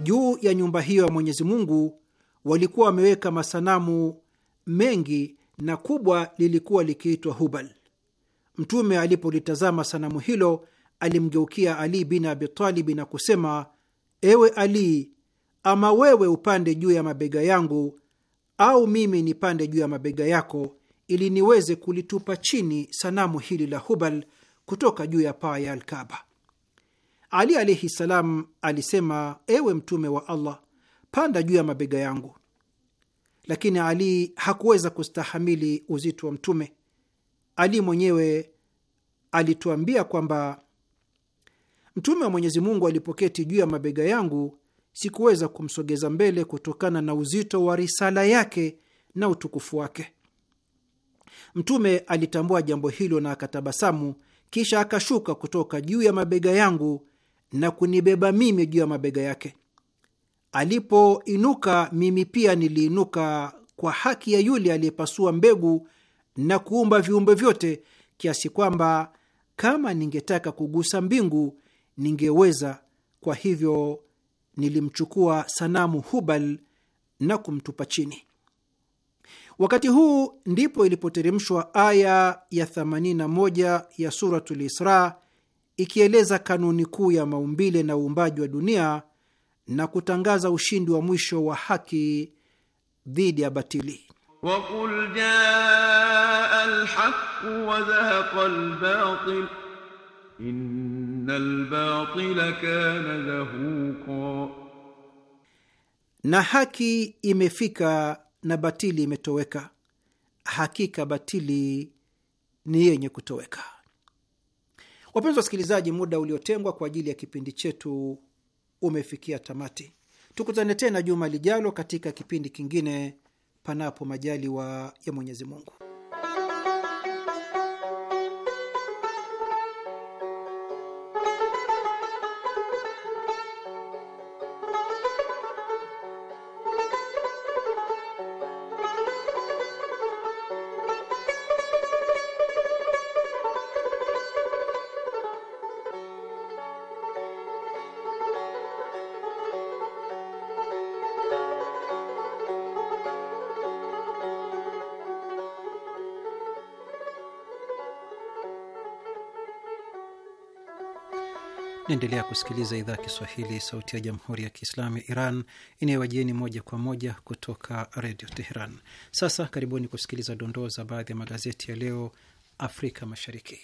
Speaker 2: Juu ya nyumba hiyo ya Mwenyezi Mungu walikuwa wameweka masanamu mengi na kubwa lilikuwa likiitwa Hubal. Mtume alipolitazama sanamu hilo alimgeukia Ali bin Abitalibi na kusema, ewe Ali, ama wewe upande juu ya mabega yangu au mimi nipande juu ya mabega yako, ili niweze kulitupa chini sanamu hili la Hubal kutoka juu ya paa ya Alkaba. Ali alaihi salam alisema, ewe mtume wa Allah, panda juu ya mabega yangu. Lakini Ali hakuweza kustahamili uzito wa mtume. Ali mwenyewe alituambia kwamba mtume wa Mwenyezi Mungu alipoketi juu ya mabega yangu, sikuweza kumsogeza mbele kutokana na uzito wa risala yake na utukufu wake. Mtume alitambua jambo hilo na akatabasamu, kisha akashuka kutoka juu ya mabega yangu na kunibeba mimi juu ya mabega yake. Alipoinuka mimi pia niliinuka kwa haki ya yule aliyepasua mbegu na kuumba viumbe vyote, kiasi kwamba kama ningetaka kugusa mbingu ningeweza. Kwa hivyo nilimchukua sanamu Hubal na kumtupa chini. Wakati huu ndipo ilipoteremshwa aya ya 81 ya Suratul ikieleza kanuni kuu ya maumbile na uumbaji wa dunia na kutangaza ushindi wa mwisho wa haki dhidi ya batili.
Speaker 1: Wakul jaa wa zahaqa albatil innal batila kana
Speaker 2: zahuqa, na haki imefika na batili imetoweka, hakika batili ni yenye kutoweka. Wapenzi wasikilizaji, muda uliotengwa kwa ajili ya kipindi chetu umefikia tamati. Tukutane tena juma lijalo katika kipindi kingine, panapo majaliwa ya Mwenyezi Mungu. Naendelea kusikiliza idhaa ya Kiswahili, sauti ya jamhuri ya kiislamu ya Iran inayowajieni moja kwa moja kutoka redio Teheran. Sasa karibuni kusikiliza dondoo za baadhi ya magazeti ya leo Afrika Mashariki.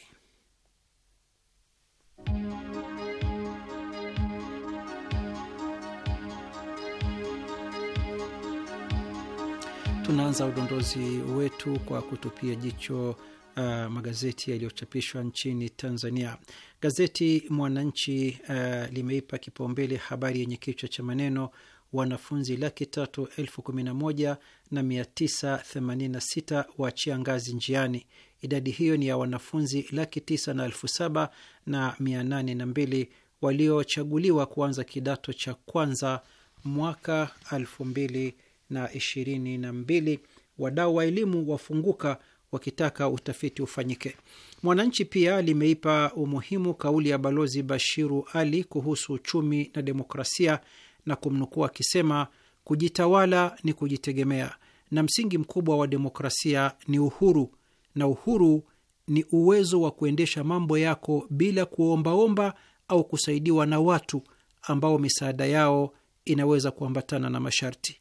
Speaker 2: Tunaanza udondozi wetu kwa kutupia jicho uh, magazeti yaliyochapishwa nchini Tanzania. Gazeti Mwananchi uh, limeipa kipaumbele habari yenye kichwa cha maneno wanafunzi laki tatu elfu kumi na moja na mia tisa themanini na sita waachia ngazi njiani. Idadi hiyo ni ya wanafunzi laki tisa na elfu saba na mia nane na mbili waliochaguliwa kuanza kidato cha kwanza mwaka elfu mbili na ishirini na mbili. Wadau wa elimu wafunguka wakitaka utafiti ufanyike. Mwananchi pia limeipa umuhimu kauli ya Balozi Bashiru Ali kuhusu uchumi na demokrasia na kumnukuu akisema, kujitawala ni kujitegemea na msingi mkubwa wa demokrasia ni uhuru, na uhuru ni uwezo wa kuendesha mambo yako bila kuombaomba au kusaidiwa na watu ambao misaada yao inaweza kuambatana na masharti.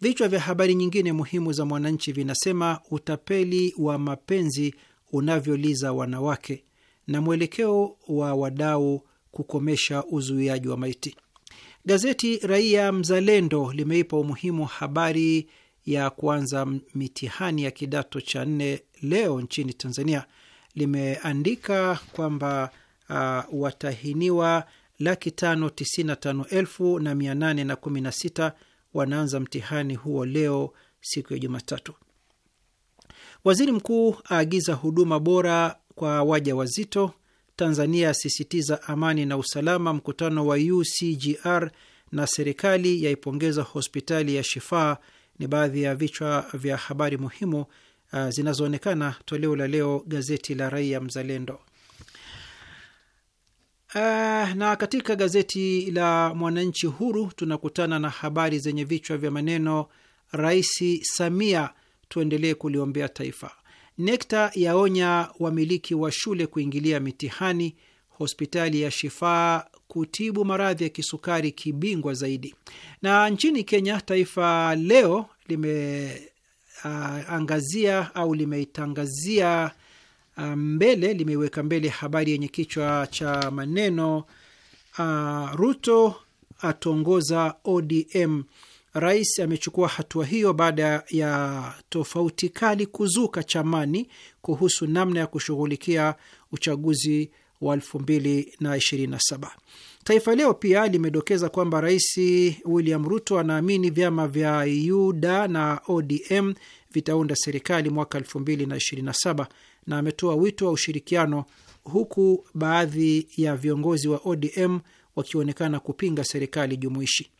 Speaker 2: Vichwa vya habari nyingine muhimu za Mwananchi vinasema utapeli wa mapenzi unavyoliza wanawake na mwelekeo wa wadau kukomesha uzuiaji wa maiti. Gazeti Raia Mzalendo limeipa umuhimu habari ya kuanza mitihani ya kidato cha nne leo nchini Tanzania. Limeandika kwamba uh, watahiniwa laki tano tisini na tano elfu na mia nane na kumi na sita wanaanza mtihani huo leo siku ya Jumatatu. Waziri mkuu aagiza huduma bora kwa waja wazito. Tanzania asisitiza amani na usalama. Mkutano wa UCGR na serikali yaipongeza hospitali ya Shifaa ni baadhi ya vichwa vya habari muhimu uh, zinazoonekana toleo la leo gazeti la Raia Mzalendo. Uh, na katika gazeti la Mwananchi Huru tunakutana na habari zenye vichwa vya maneno: Rais Samia, tuendelee kuliombea taifa; Nekta yaonya wamiliki wa shule kuingilia mitihani; hospitali ya Shifaa kutibu maradhi ya kisukari kibingwa zaidi. Na nchini Kenya, Taifa Leo limeangazia ah, uh, au limeitangazia Um, mbele limeweka mbele habari yenye kichwa cha maneno uh, Ruto atongoza ODM. Rais amechukua hatua hiyo baada ya tofauti kali kuzuka chamani kuhusu namna ya kushughulikia uchaguzi wa 2027. Taifa Leo pia limedokeza kwamba Rais William Ruto anaamini vyama vya UDA na ODM vitaunda serikali mwaka 2027 na ametoa wito wa ushirikiano, huku baadhi ya viongozi wa ODM wakionekana kupinga serikali jumuishi.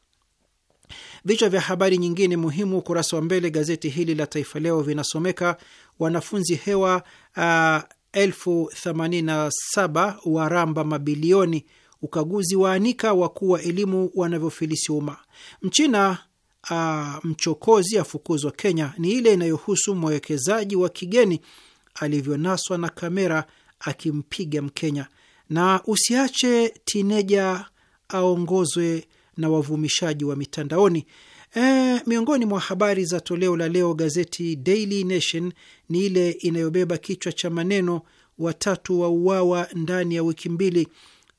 Speaker 2: Vichwa vya habari nyingine muhimu ukurasa wa mbele gazeti hili la Taifa Leo vinasomeka wanafunzi hewa uh, elfu themanini na saba waramba mabilioni, ukaguzi waanika wakuu wa elimu wanavyofilisi umma. Mchina uh, mchokozi afukuzwa Kenya, ni ile inayohusu mwekezaji wa kigeni alivyonaswa na kamera akimpiga Mkenya. Na usiache tineja aongozwe na wavumishaji wa mitandaoni. E, miongoni mwa habari za toleo la leo gazeti Daily Nation ni ile inayobeba kichwa cha maneno watatu wa uawa ndani ya wiki mbili,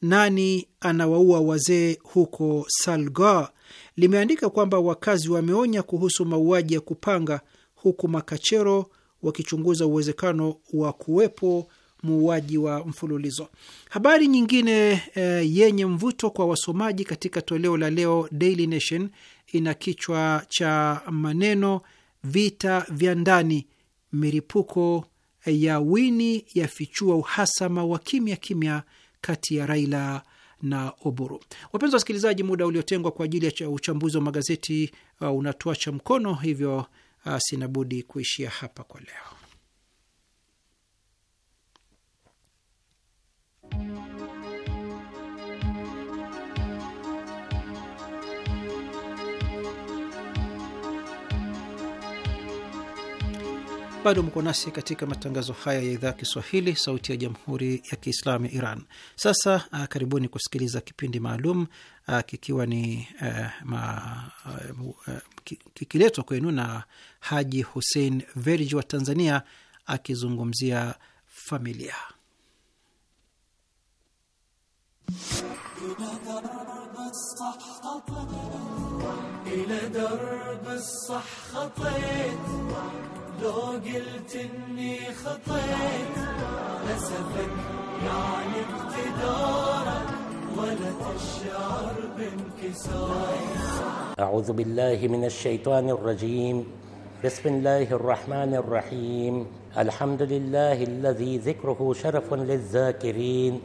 Speaker 2: nani anawaua wazee huko Salga. Limeandika kwamba wakazi wameonya kuhusu mauaji ya kupanga huku makachero wakichunguza uwezekano wa kuwepo muuaji wa mfululizo. Habari nyingine e, yenye mvuto kwa wasomaji katika toleo la leo Daily Nation ina kichwa cha maneno vita vya ndani, milipuko ya Wini yafichua uhasama wa kimya kimya kati ya Raila na Oburu. Wapenzi wasikilizaji, muda uliotengwa kwa ajili ya uchambuzi wa magazeti uh, unatuacha mkono, hivyo sinabudi kuishia hapa kwa leo. Bado mko nasi katika matangazo haya ya idhaa Kiswahili, sauti ya jamhuri ya kiislamu ya Iran. Sasa uh, karibuni kusikiliza kipindi maalum uh, kikiwa ni eh, eh, eh, kikiletwa kwenu na Haji Hussein Verji wa Tanzania akizungumzia familia
Speaker 4: لو قلت اني خطيت لسفك يعني اقتدارك ولا تشعر بانكسارك
Speaker 5: أعوذ بالله من الشيطان الرجيم بسم الله الرحمن الرحيم الحمد لله الذي ذكره شرف للذاكرين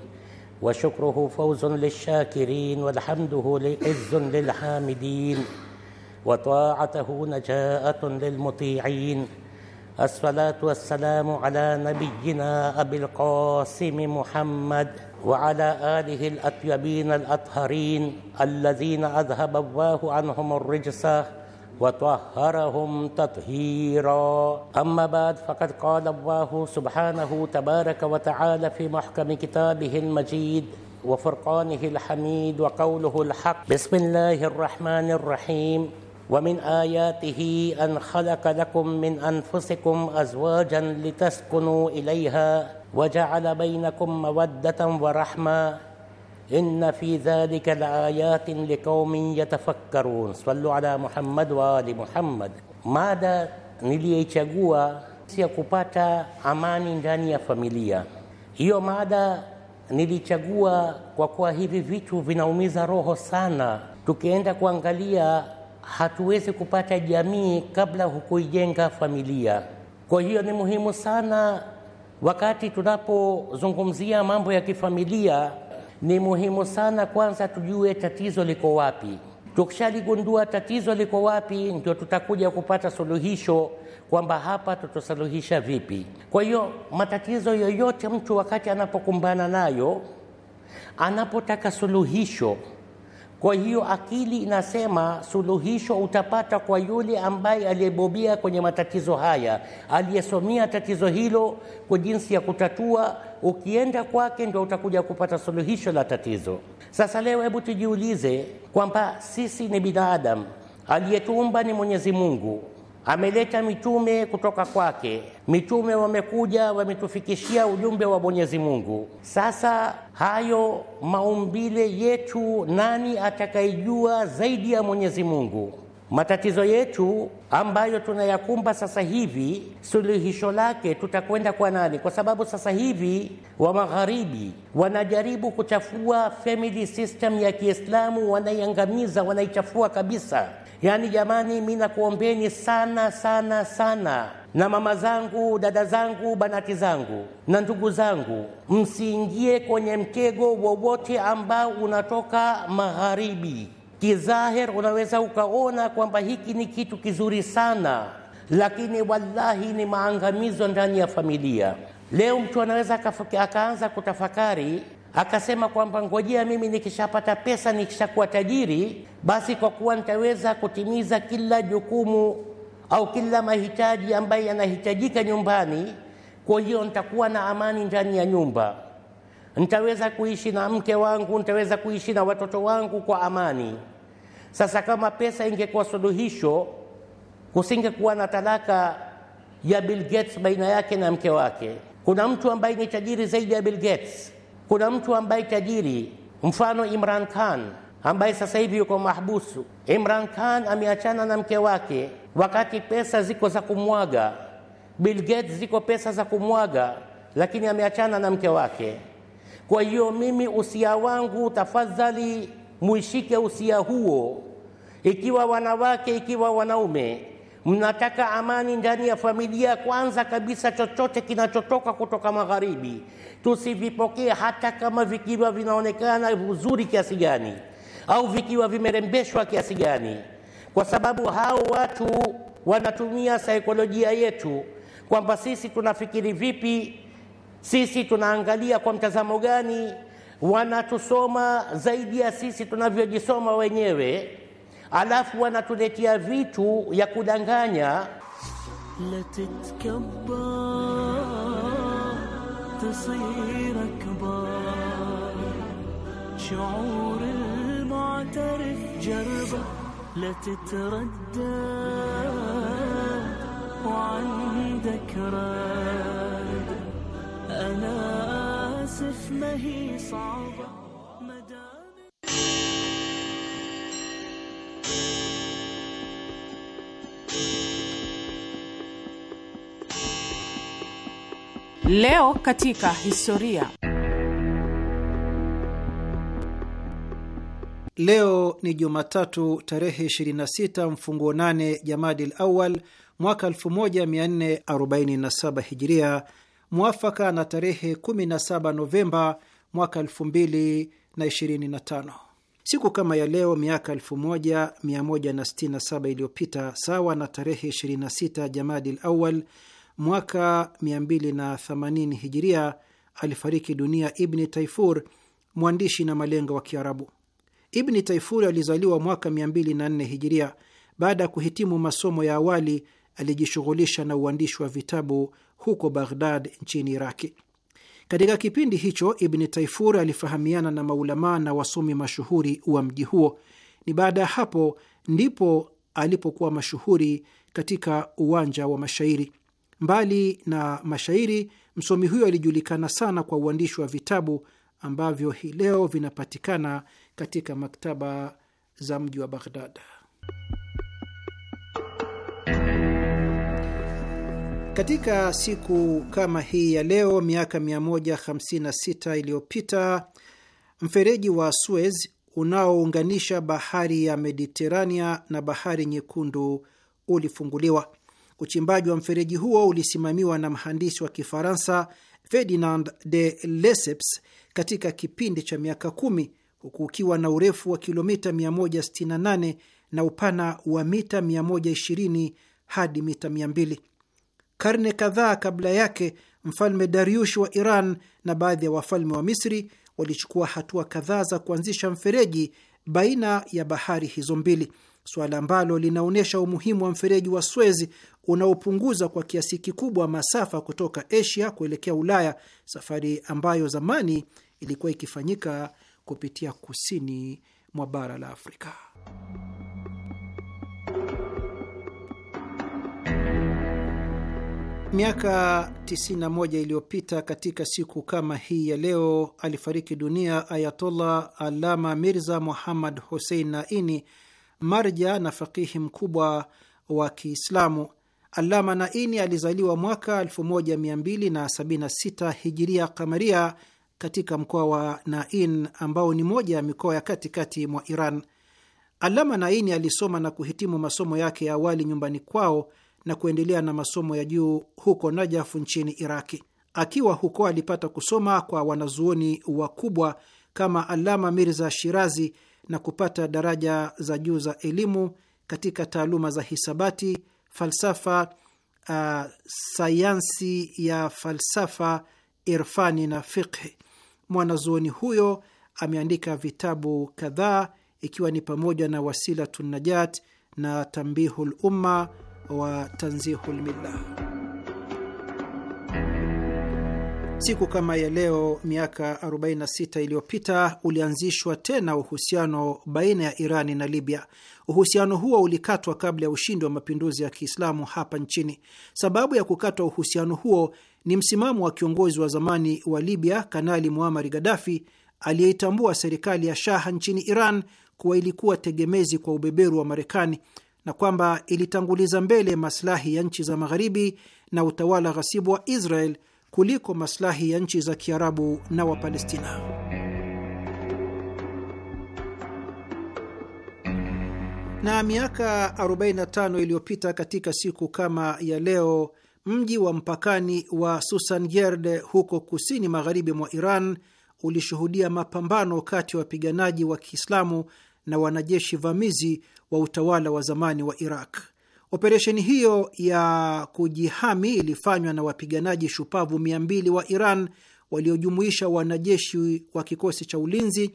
Speaker 5: وشكره فوز للشاكرين والحمده لعز للحامدين وطاعته نجاءة للمطيعين الصلاة والسلام على نبينا أبي القاسم محمد وعلى آله الأطيبين الأطهرين الذين أذهب الله عنهم الرجس وطهرهم تطهيرا أما بعد فقد قال الله سبحانه تبارك وتعالى في محكم كتابه المجيد وفرقانه الحميد وقوله الحق بسم الله الرحمن الرحيم ومن اياته ان خلق لكم من انفسكم ازواجا لتسكنوا اليها وجعل بينكم موده ورحمه ان في ذلك لايات لقوم يتفكرون صلوا على محمد وال محمد ماذا نليتشاغوا سيكوباتا اماني ndani ya familia hiyo mada nilichagua kwa kuwa hivi vitu vinaumiza roho sana tukienda kuangalia hatuwezi kupata jamii kabla hukuijenga familia. Kwa hiyo ni muhimu sana wakati tunapozungumzia mambo ya kifamilia, ni muhimu sana kwanza tujue tatizo liko wapi. Tukishaligundua tatizo liko wapi, ndio tutakuja kupata suluhisho kwamba hapa tutasuluhisha vipi. Kwa hiyo matatizo yoyote mtu wakati anapokumbana nayo, anapotaka suluhisho kwa hiyo akili inasema suluhisho utapata kwa yule ambaye aliyebobea kwenye matatizo haya, aliyesomea tatizo hilo kwa jinsi ya kutatua. Ukienda kwake ndio utakuja kupata suluhisho la tatizo. Sasa leo, hebu tujiulize kwamba sisi ni binadamu, aliyetuumba ni Mwenyezi Mungu ameleta mitume kutoka kwake. Mitume wamekuja wametufikishia ujumbe wa Mwenyezi Mungu. Sasa hayo maumbile yetu, nani atakayejua zaidi ya Mwenyezi Mungu? Matatizo yetu ambayo tunayakumba sasa hivi, suluhisho lake tutakwenda kwa nani? Kwa sababu sasa hivi wa magharibi wanajaribu kuchafua family system ya Kiislamu, wanaiangamiza, wanaichafua kabisa. Yaani jamani, mi nakuombeni sana sana sana, na mama zangu, dada zangu, banati zangu na ndugu zangu, msiingie kwenye mtego wowote ambao unatoka magharibi. Kizahir unaweza ukaona kwamba hiki ni kitu kizuri sana, lakini wallahi ni maangamizo ndani ya familia. Leo mtu anaweza akaanza kutafakari Akasema kwamba ngojea, mimi nikishapata pesa, nikishakuwa tajiri, basi kwa kuwa nitaweza kutimiza kila jukumu au kila mahitaji ambayo yanahitajika nyumbani, kwa hiyo nitakuwa na amani ndani ya nyumba, nitaweza kuishi na mke wangu, nitaweza kuishi na watoto wangu kwa amani. Sasa kama pesa ingekuwa suluhisho, kusingekuwa na talaka ya Bill Gates baina yake na mke wake. Kuna mtu ambaye ni tajiri zaidi ya Bill Gates kuna mtu ambaye tajiri, mfano Imran Khan ambaye sasa hivi yuko mahbusu. Imran Khan ameachana na mke wake, wakati pesa ziko za kumwaga. Bill Gates ziko pesa za kumwaga, lakini ameachana na mke wake. Kwa hiyo mimi usia wangu, tafadhali muishike usia huo, ikiwa wanawake, ikiwa wanaume mnataka amani ndani ya familia. Kwanza kabisa, chochote kinachotoka kutoka magharibi tusivipokee, hata kama vikiwa vinaonekana vizuri kiasi gani au vikiwa vimerembeshwa kiasi gani, kwa sababu hao watu wanatumia saikolojia yetu kwamba sisi tunafikiri vipi, sisi tunaangalia kwa mtazamo gani, wanatusoma zaidi ya sisi tunavyojisoma wenyewe alafu wanatuletea vitu ya kudanganya.
Speaker 1: Leo katika
Speaker 2: historia. Leo ni Jumatatu tarehe 26 mfunguo 8 Jamadil Awal mwaka 1447 Hijiria, mwafaka na tarehe 17 Novemba mwaka 2025. Siku kama ya leo miaka 1167 iliyopita, sawa na tarehe 26 Jamadil Awal mwaka 280 hijiria alifariki dunia Ibni Taifur, mwandishi na malenga wa Kiarabu. Ibni Taifur alizaliwa mwaka 204 hijiria. Baada ya kuhitimu masomo ya awali, alijishughulisha na uandishi wa vitabu huko Baghdad nchini Iraki. Katika kipindi hicho Ibni Taifur alifahamiana na maulamaa na wasomi mashuhuri wa mji huo. Ni baada ya hapo ndipo alipokuwa mashuhuri katika uwanja wa mashairi. Mbali na mashairi, msomi huyo alijulikana sana kwa uandishi wa vitabu ambavyo hii leo vinapatikana katika maktaba za mji wa Baghdad. Katika siku kama hii ya leo miaka 156 iliyopita mfereji wa Suez unaounganisha bahari ya Mediterania na bahari Nyekundu ulifunguliwa. Uchimbaji wa mfereji huo ulisimamiwa na mhandisi wa Kifaransa Ferdinand de Lesseps katika kipindi cha miaka kumi huku ukiwa na urefu wa kilomita 168 na upana wa mita 120 hadi mita 200. Karne kadhaa kabla yake, mfalme Dariush wa Iran na baadhi ya wafalme wa Misri walichukua hatua kadhaa za kuanzisha mfereji baina ya bahari hizo mbili, suala ambalo linaonyesha umuhimu wa mfereji wa Suez unaopunguza kwa kiasi kikubwa masafa kutoka Asia kuelekea Ulaya, safari ambayo zamani ilikuwa ikifanyika kupitia kusini mwa bara la Afrika. Miaka 91 iliyopita katika siku kama hii ya leo alifariki dunia Ayatollah Alama Mirza Muhammad Hussein Naini, marja na fakihi mkubwa wa Kiislamu Alama Naini alizaliwa mwaka 1276 hijiria kamaria katika mkoa wa Nain ambao ni moja ya mikoa ya katikati mwa Iran. Alama Naini alisoma na kuhitimu masomo yake ya awali nyumbani kwao na kuendelea na masomo ya juu huko Najafu nchini Iraki. Akiwa huko alipata kusoma kwa wanazuoni wakubwa kama Alama Mirza Shirazi na kupata daraja za juu za elimu katika taaluma za hisabati falsafa uh, sayansi ya falsafa, irfani na fiqhi. Mwanazuoni huyo ameandika vitabu kadhaa ikiwa ni pamoja na Wasilatu Najat na Tambihu Lumma wa Tanzihu Lmillah. Siku kama ya leo miaka 46 iliyopita ulianzishwa tena uhusiano baina ya Irani na Libya. Uhusiano huo ulikatwa kabla ya ushindi wa mapinduzi ya Kiislamu hapa nchini. Sababu ya kukatwa uhusiano huo ni msimamo wa kiongozi wa zamani wa Libya, Kanali Muamari Gadafi, aliyeitambua serikali ya shaha nchini Iran kuwa ilikuwa tegemezi kwa ubeberu wa Marekani na kwamba ilitanguliza mbele masilahi ya nchi za Magharibi na utawala ghasibu wa Israel kuliko maslahi ya nchi za Kiarabu na Wapalestina. Na miaka 45 iliyopita katika siku kama ya leo, mji wa mpakani wa Susangerd huko kusini magharibi mwa Iran ulishuhudia mapambano kati ya wapiganaji wa Kiislamu na wanajeshi vamizi wa utawala wa zamani wa Iraq. Operesheni hiyo ya kujihami ilifanywa na wapiganaji shupavu 200 wa Iran waliojumuisha wanajeshi wa kikosi cha ulinzi,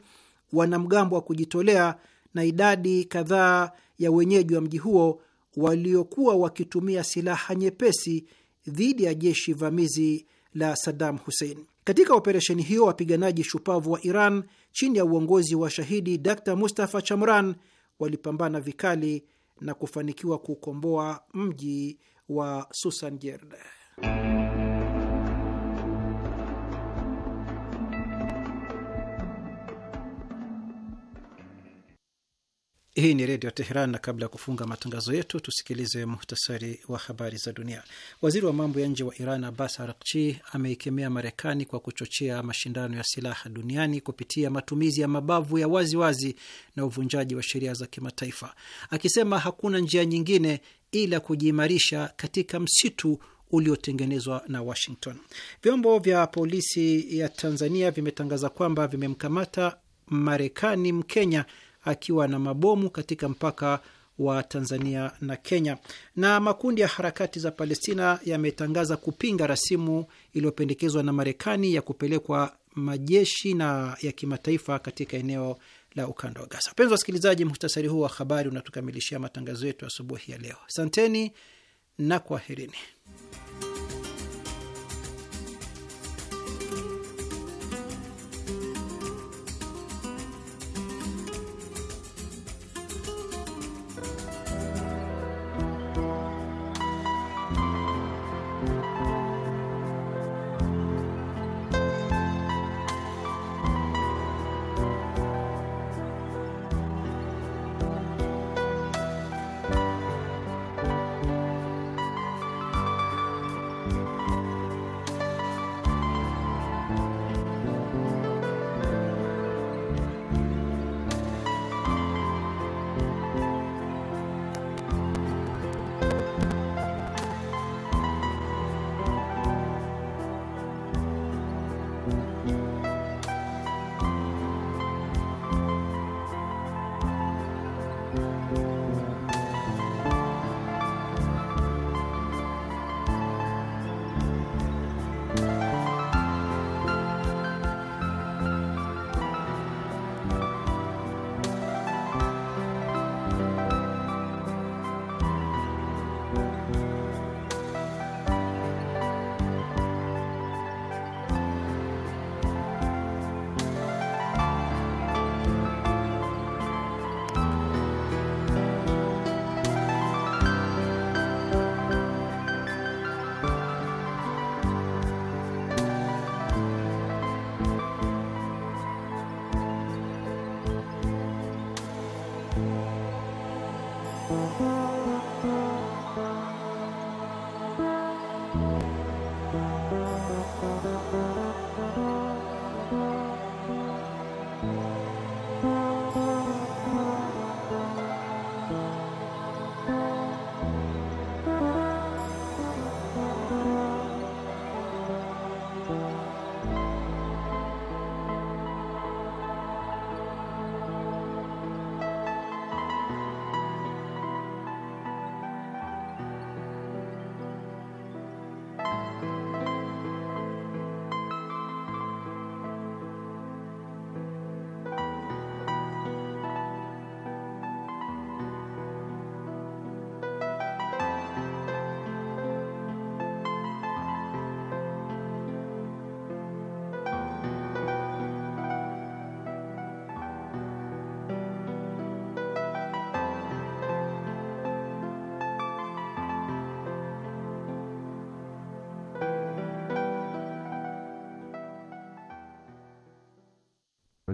Speaker 2: wanamgambo wa kujitolea na idadi kadhaa ya wenyeji wa mji huo waliokuwa wakitumia silaha nyepesi dhidi ya jeshi vamizi la Saddam Hussein. Katika operesheni hiyo, wapiganaji shupavu wa Iran chini ya uongozi wa shahidi Dr Mustafa Chamran walipambana vikali na kufanikiwa kukomboa mji wa Susanjerde. Hii ni Redio Teheran, na kabla ya kufunga matangazo yetu tusikilize muhtasari wa habari za dunia. Waziri wa mambo ya nje wa Iran Abbas Arakchi ameikemea Marekani kwa kuchochea mashindano ya silaha duniani kupitia matumizi ya mabavu ya waziwazi wazi na uvunjaji wa sheria za kimataifa, akisema hakuna njia nyingine ila kujiimarisha katika msitu uliotengenezwa na Washington. Vyombo vya polisi ya Tanzania vimetangaza kwamba vimemkamata Marekani Mkenya akiwa na mabomu katika mpaka wa Tanzania na Kenya. Na makundi ya harakati za Palestina yametangaza kupinga rasimu iliyopendekezwa na Marekani ya kupelekwa majeshi na ya kimataifa katika eneo la ukanda wa Gaza. Wapenzi wasikilizaji, muhtasari huu wa habari unatukamilishia matangazo yetu asubuhi ya leo. Asanteni na kwaherini.